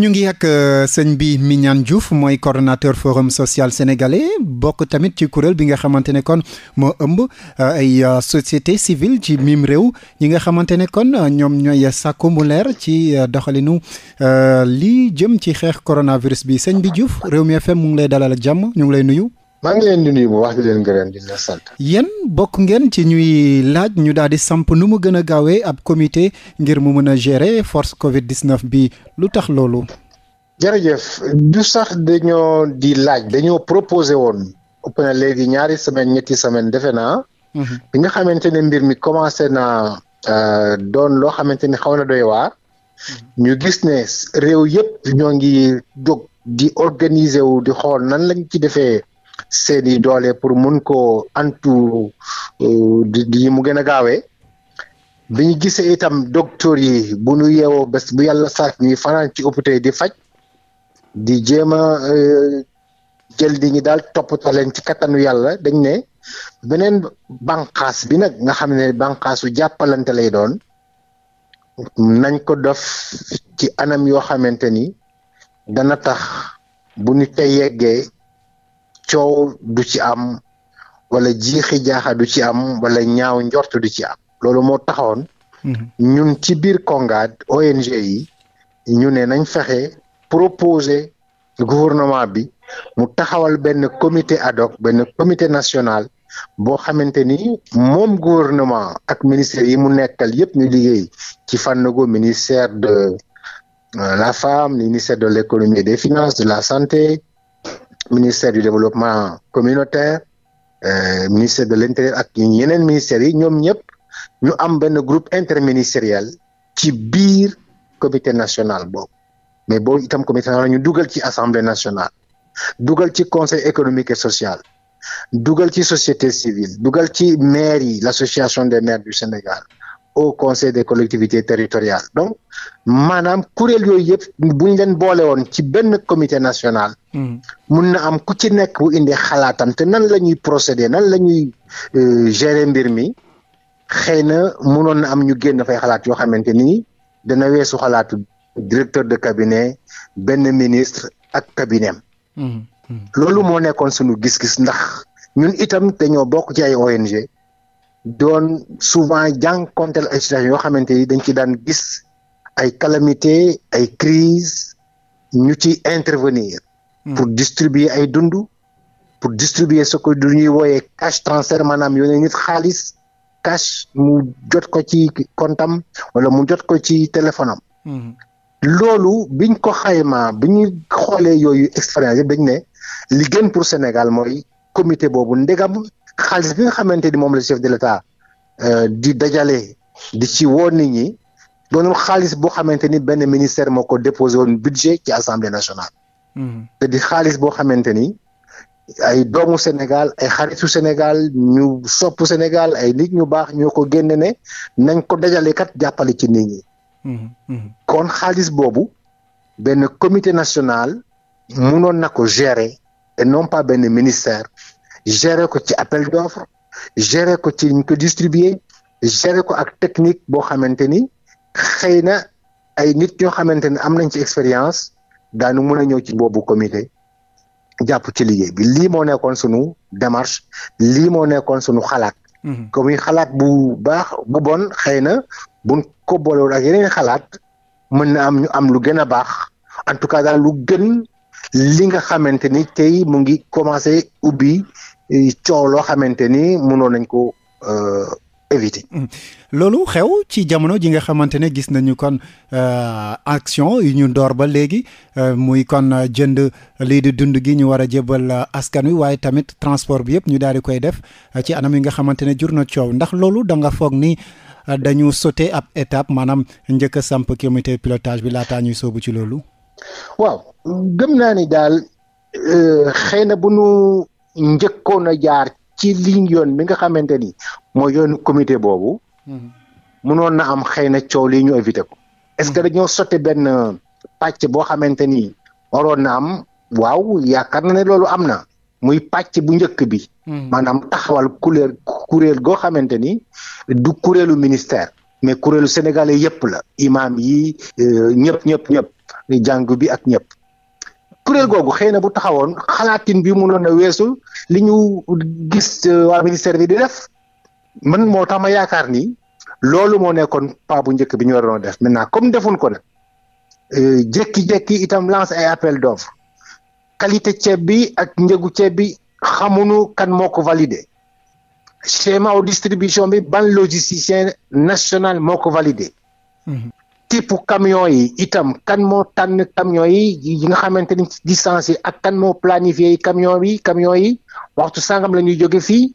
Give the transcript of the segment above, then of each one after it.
ñu ngi ak euh, sëñ bi Mignane Diouf mooy coordonnateur forum social sénégalais bokk tamit ci kuréel bi nga xamante ne kon moo ëmb euh, ay euh, société civile ci miim réew ñi nga xamante ne kon ñoom ñooy sàkku mu leer ci doxalinu li jëm ci xeex coronavirus bi sëñ bi réew mi FM mu ngi lay dalal jàmm ñu ngi lay nuyu. maa ngi leen di nuyu bu wax di leen gërëm di leen sant. yéen bokk ngeen ci ñuy laaj ñu daal di samp nu mu gën a gaawee ab comité ngir mu mën a gérer force Covid 19 bi lu tax loolu. jërëjëf du sax dañoo di laaj dañoo proposé woon ëpp na léegi ñaari semaine ñetti semaine defe naa. Mhm. bi nga xamante ne mbir mi commencé na euh, doon loo xamante ni xaw na doy waar. Mhm. ñu gis ne réew yëpp ñoo ngi jóg di organiser wu di xool nan lañ ci defee. seeni doole pour mun ko antu euh, di mu gën a gaawee bi ñu gisee itam docteur yi bu ñu yeewoo bés bu yàlla sax ñuy fanaan ci hôpital di faj di jéem a euh, jël di daal toppatoo leen ci kattanu yàlla dañ ne beneen bànqaas bi nag nga xam ne bànqaasu jàppalante lay doon nañ ko def ci anam yoo xamante ni dana tax bu ñu tey yeggee coow du ci am wala jiixi jaaxa du ci am wala ñaaw njort du ci am loolu moo taxoon mhm. ñun ci biir Kongaad ONG yi ñu ne nañ fexe proposer gouvernement bi mu taxawal benn comité ad hoc benn comité national boo xamante ni moom gouvernement ak ministère yi mu nekkal yépp ñu liggéey ci fànn ministère de euh, la femme ministère de l'économie et des de la santé ministère du développement communautaire euh, ministère de l'intérieur ak yeneen ministères yi ñoom ñëpp ñu am benn groupe interministériel ci biir comité national boobu mais boobu itam comité ñu dugal ci assemblée nationale dugal ci conseil économique et social dugal ci société civile dugal ci maires yi l'association des maires du Sénégal au conseil des collectivité territoriales donc maanaam kuréel yooyu yëpp buñ leen boole woon ci benn comité national. Hmm. mun na am ku ci nekk bu indi xalaatam te nan la ñuy procéder nan lañuy ñuy euh, gérer mbir mi xëy na munoon na am ñu génn fay xalaat yoo xamante nii dana weesu xalaatu directeur de cabinet benn ministre ak cabinet am. Hmm. Hmm. loolu moo nekkoon sunu gis-gis ndax ñun itam dañoo bokk ci ay ONG. doon souvent jànkonteel ay situation yoo xamante ni dañ ci daan gis ay calamité ay crise ñu ci intervenir hmm. pour distribuer ay dund pour distribuer ce que du ñuy wooyee cash transfert maanaam yónnee nit xaalis cash mu jot ko ci kontam wala mu jot ko ci téléphone am hmm. loolu biñ ko xaymaa bi ñu xoolee yooyu expérience yëpp dañ ne li gën pour Sénégal mooy comité boobu ndegam xaalis bi nga xamante ni moom la chef de l'État euh, di dajale di ci woo nit ñi doonul xaalis boo xamante ni benn ministère moo ko déposé woon budget ci assemblée nationale. Hmm. te di xaalis boo xamante ni ay doomu Sénégal ay xaritu Sénégal ñu sopp Sénégal ay nit ñu baax ñoo ko génne ne nañ ko dajale kat jàppale ci nit ñi. Hmm, hmm. kon xaalis boobu benn comité national munoon na ko gérer et non pas benn ministère gérer ko ci appel d'offre gérer ko ci ñu ko distribuer gérer ko ak technique boo xamante ni xëy na ay nit ñoo xamante ni am nañ ci expérience daanu mën a ñëw ci boobu comité jàpp ci liggéey bi lii moo nekkoon sunu démarche lii moo nekkoon sunu xalaat. Mhm. comme xalaat bu baax bu bon xëy na buñ ko boolewul ak yeneen xalaat mën na am ñu am lu gën a baax en tout cas daal lu gën. li nga xamante ni tey mu ngi commencé ubbi e, coow loo xamante ni mënoon nañ ko e, éviter. Mm. loolu xew ci jamono ji nga xamante ne gis na ñu kon e, action yu ñu door ba léegi muy kon jënd lii di dund gi ñu war a jébal askan wi waaye tamit transport bi yëpp ñu daal di koy def ci anam yi nga xamante ne jur na coow ndax loolu da nga foog ni dañu sauté ab étape maanaam njëkk a samp comité pilotage bi laataa ñuy soobu ci loolu. waaw gëm naa ni daal euh, xëy na bu nu njëkkoon a jaar ci ligne yoon bi nga xamante ni mooy yoonu comité boobu. mënoon mhm. na am xëy na coow li ñu éviter ko. est-ce que mhm. dañoo sotti benn pàcc boo xamante ni waroon na am waaw yaakaar na ne loolu am na muy pàcc bu njëkk bi. Mhm. maanaam taxawal kuréel kuréel goo xamante ni du kuréelu ministère. mais kuréelu sénégalais yëpp la. imaam yi euh, ñëpp ñëpp ñëpp jàng bi ak ñëpp. kuréel googu xëy na bu taxawoon xalaatin bi mënoon a weesu li ñu gis euh, waa ministère bi di def man moo tax ma yaakaar ni loolu moo nekkoon pas bu njëkk bi ñu waroon def maintenant comme defuñ ko nag jëkki euh, jékki itam lance ay appel d'offre qualité ceeb bi ak njëgu ceeb bi xamuñu kan moo ko validé schéma au distribution bi ban logisticien national moo ko validé. Mm-hmm. type camion yi itam kan moo tànn camion yi yi nga xamante ni distance yi ak kan moo planifié camion bi camion yi waxtu sangam la ñuy jóge fii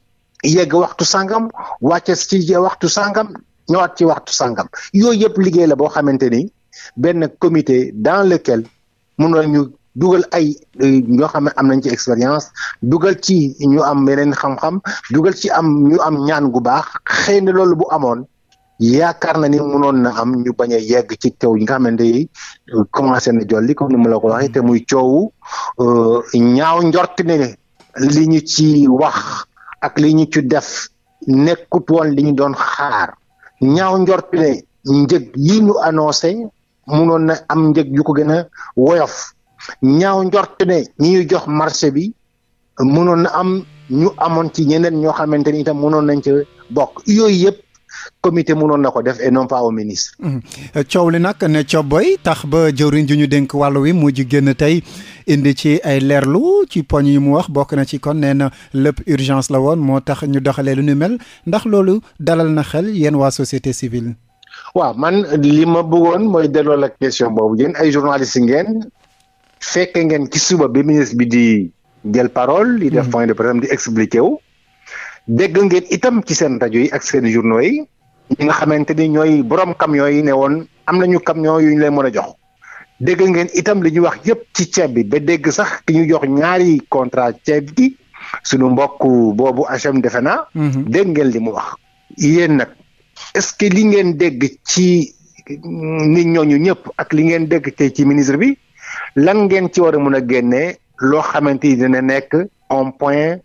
yegg waxtu sangam wàcce ci waxtu sangam ñëwaat ci waxtu sangam yooyu yëpp liggéey la boo xamante ni benn comité dans lequel mun ñu dugal ay euh, ñoo xam ne am nañ ci expérience dugal ci ñu am yeneen xam-xam dugal ci am ñu am ñaan gu baax xëy na loolu bu amoon. yaakaar na ni mënoon na am ñu bañ a yegg ci kaw yi nga xamante ni euh, commencé na jolli comme ni ma ko waxee te muy coowu euh, ñaaw njort ne li ñu ci wax ak li ñu ci def nekkut woon li ñu doon xaar ñaaw njort ne njëg yi ñu annoncé mënoon na am njëg yu ko gën a woyof ñaaw njort ñi ñu jox marché bi mënoon na am ñu amoon ci ñeneen ñoo xamante ni itam mënoon nañ ci bokk yooyu yëpp. comité mënoon na ko def et non pas au ministre. Mhm. coow li nag ne cobboy tax ba jëwriñ ju ñu dénk wàllu wi mu ji génn tey indi ci ay leerlu ci poñ yi mu wax bokk na ci kon nee na lépp urgence la woon moo tax ñu doxalee lu ñu mel ndax loolu dalal na xel yéen waa société civile. waaw man li ma bëggoon mooy delloo la question boobu yéen ay journaliste ngeen fekk ngeen ci suba bi ministre bi di jël parole. di def mhm. point de presse di expliqué wu. dégg ngeen itam ci seen rajo yi ak seen journaux yi. ñi nga xamante ni ñooy borom camion yi ne woon am nañu camion yu ñu leen mën a jox dégg ngeen itam li ñuy wax yëpp ci ceeb bi ba dégg sax ki ñu jox ñaari contrat ceeb gi suñu mbokk boobu HM defe na mhm. dégg ngeen li mu wax. yéen nag est-ce que li ngeen dégg ci nit ñooñu ñëpp ak li ngeen dégg ci ministre bi lan ngeen ci war a mën a génnee loo xamante yi dina nekk un point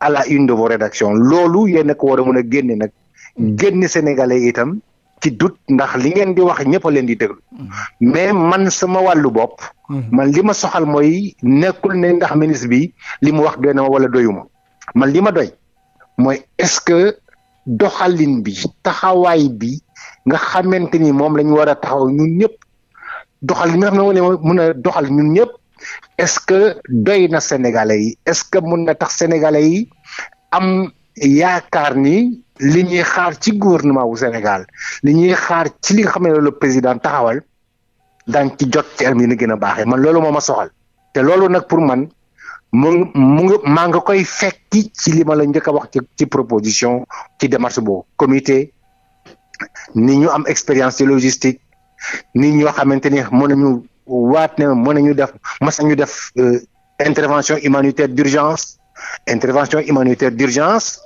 à la une de vos rédactions loolu yéen ko war a mën a génnee nag. génn sénégalais itam ci dut ndax li ngeen di wax ñëpp a leen di déglu mm-hmm. mais man sama wàllu bopp mm-hmm. man li ma soxal mooy nekkul ne ndax ministre bi li mu wax doy na ma wala doyuma man li ma doy mooy est-ce que doxalin bi taxawaay bi nga xamante ni moom la ñu war a taxaw ñun ñëpp doxal mi nga xam ne moo mën a doxal ñun ñëpp est-ce que doy na sénégalais yi est-ce que mën na tax sénégalais yi am yaakaar ni li ñuy xaar ci gouvernement wu Sénégal li ñuy xaar ci li nga xam ne président taxawal daan ci jot ci am yi ni gën a baaxee man loolu moom ma soxal te loolu nag pour man mu mu maa nga koy fekki ci li ma la njëkk a wax ci ci proposition ci démarche boobu comité ni ñu am expérience ci logistique ni ñoo xamante ni mën nañu waat ne mën nañu def masa ñu def euh, intervention humanitaire d'urgence intervention humanitaire d'urgence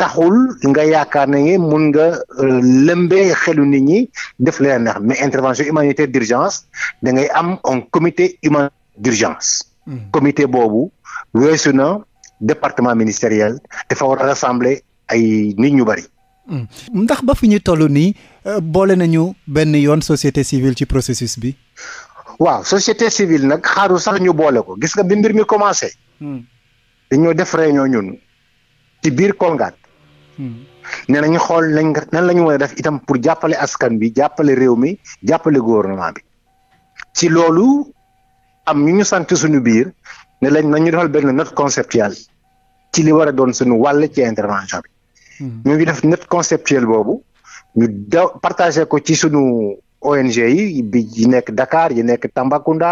taxul nga yaakaar na ngi mun nga euh, lëmbee xelu nit ñi def la neex mais intervention humanitaire d'urgence da ngay am un comité humanitaire d'urgence hmm. comité boobu weesu na département ministériel dafa war a rassembler ay nit ñu bari. Hmm. ndax ba fi ñu toll nii euh, boole nañu benn yoon société civile ci processus bi. waaw société civile nag xaaru sax ñu boole ko gis nga bi mbir mi commencé. Hmm. dañoo def ree ñoo ñun ci biir Kolngat. Hmm. nee nañu xool nañ nan la ñu a def itam pour jàppale askan bi jàppale réew mi jàppale gouvernement bi ci loolu am ñu ñu sant suñu biir ne lañ nañu defal benn note conceptuelle ci li war a doon suñu wàll ci intervention bi. Hmm. ñu ngi def note conceptuelle boobu ñu daw partagé ko ci suñu ONG yi bi yi nekk Dakar yi nekk Tambacounda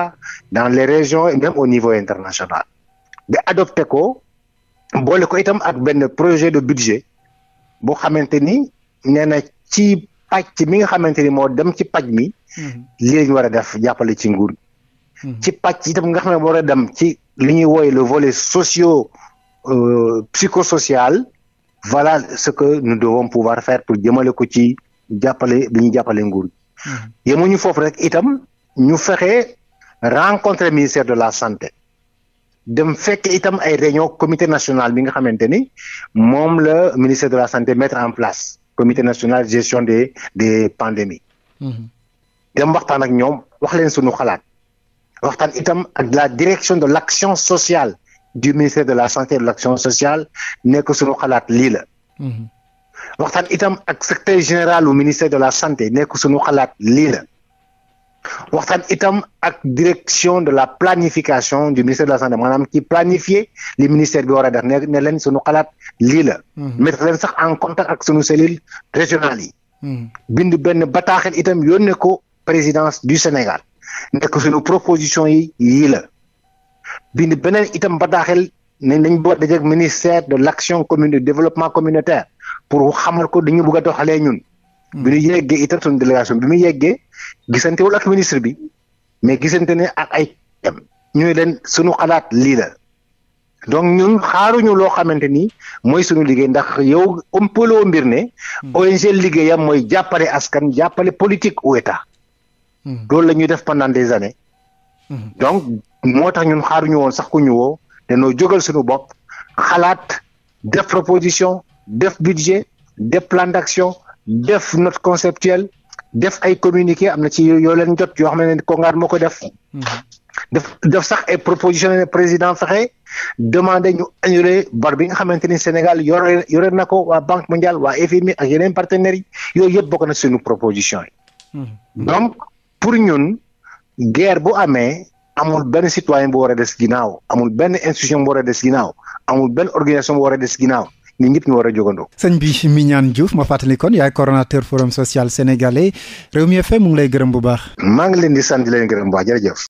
dans les régions et au niveau international. nga adopté ko boole ko itam ak benn projet de budget boo xamante ni nee na ci pàcc mi nga xamante ni moo dem ci pàcc mi mhm. lii war a def jàppale ci nguur mhm. ci pàcc itam nga xam ne war a dem ci li ñuy wooye le volet socio euh, psychosocial voilà ce que nous devons pouvoir faire pour jëmale ko ci jàppale bi ñu jàppale nguur mhm. yemuñu foofu rek itam ñu fexe rencontrer ministère de la santé dem fekk itam ay réunion comité national bi nga xamante ni moom la ministère de la santé mettre en place comité national de gestion des des pandémies mhm. dem waxtaan ak ñoom wax leen suñu xalaat waxtaan itam ak la direction de l'action sociale du ministère de la santé de l'action sociale nekk suñu xalaat lii la mhm. waxtaan itam ak secrétaire général du ministère de la santé nekk suñu xalaat lii la waxtaan itam ak direction de la planification du ministère de la santé maanaam ki planifier li ministère bi war a def ne ne leen suñu xalaat lii la mhm. mettre leen sax en contact ak suñu cellule régionale yi mhm. bind benn bataaxel itam yónnee ko présidence du Sénégal nekk suñu proposition yi yii la bind beneen itam bataaxel ne nañ boo dajeek ministère de l'action commune développement communautaire pour xamal ko dañu bëgg a doxalee ñun mhm. bi ñu yeggee itam suñu délégation bi mu yeggee gisantewul ak ministre bi mais gisante ne ak ay am ñu leen suñu xalaat lii la donc ñun xaaruñu loo xamante ni mooy suñu liggéey ndax yow ëmpaloo mbir ne hmm. ONG liggéeyam mooy jàppale askan jàppale politique ou état hmm. loolu la ñuy def pendant des années hmm. donc moo tax ñun xaaruñu woon sax ko ñu woo dañoo jógal suñu bopp xalaat def proposition def budget def plan d'action def note conceptuelle def ay communiqué am na ci yoo leen jot yoo xam ne kongaan moo ko def. Mhm. def def sax ay proposition ne président fexe demandé ñu annulé bor bi nga xamante ni Sénégal yore yore na ko wa Banque mondiale waa FMI ak yeneen partenaires yi yooyu yëpp bokk na suñu proposition yi. Mhm. donc pour ñun guerre bu amee amul benn citoyen bu war a des ginnaaw amul benn institution bu war a des ginnaaw amul benn organisation bu war a des ginnaaw. ñun ñëpp ñu war a jógandoo. sëñ bi Mignane Diouf ma fàttali kon yaay coordonnateur forum social sénégalais Rewmi FM mu ngi lay gërëm bu baax. maa ngi leen di sant di leen gërëm bu baax jërëjëf.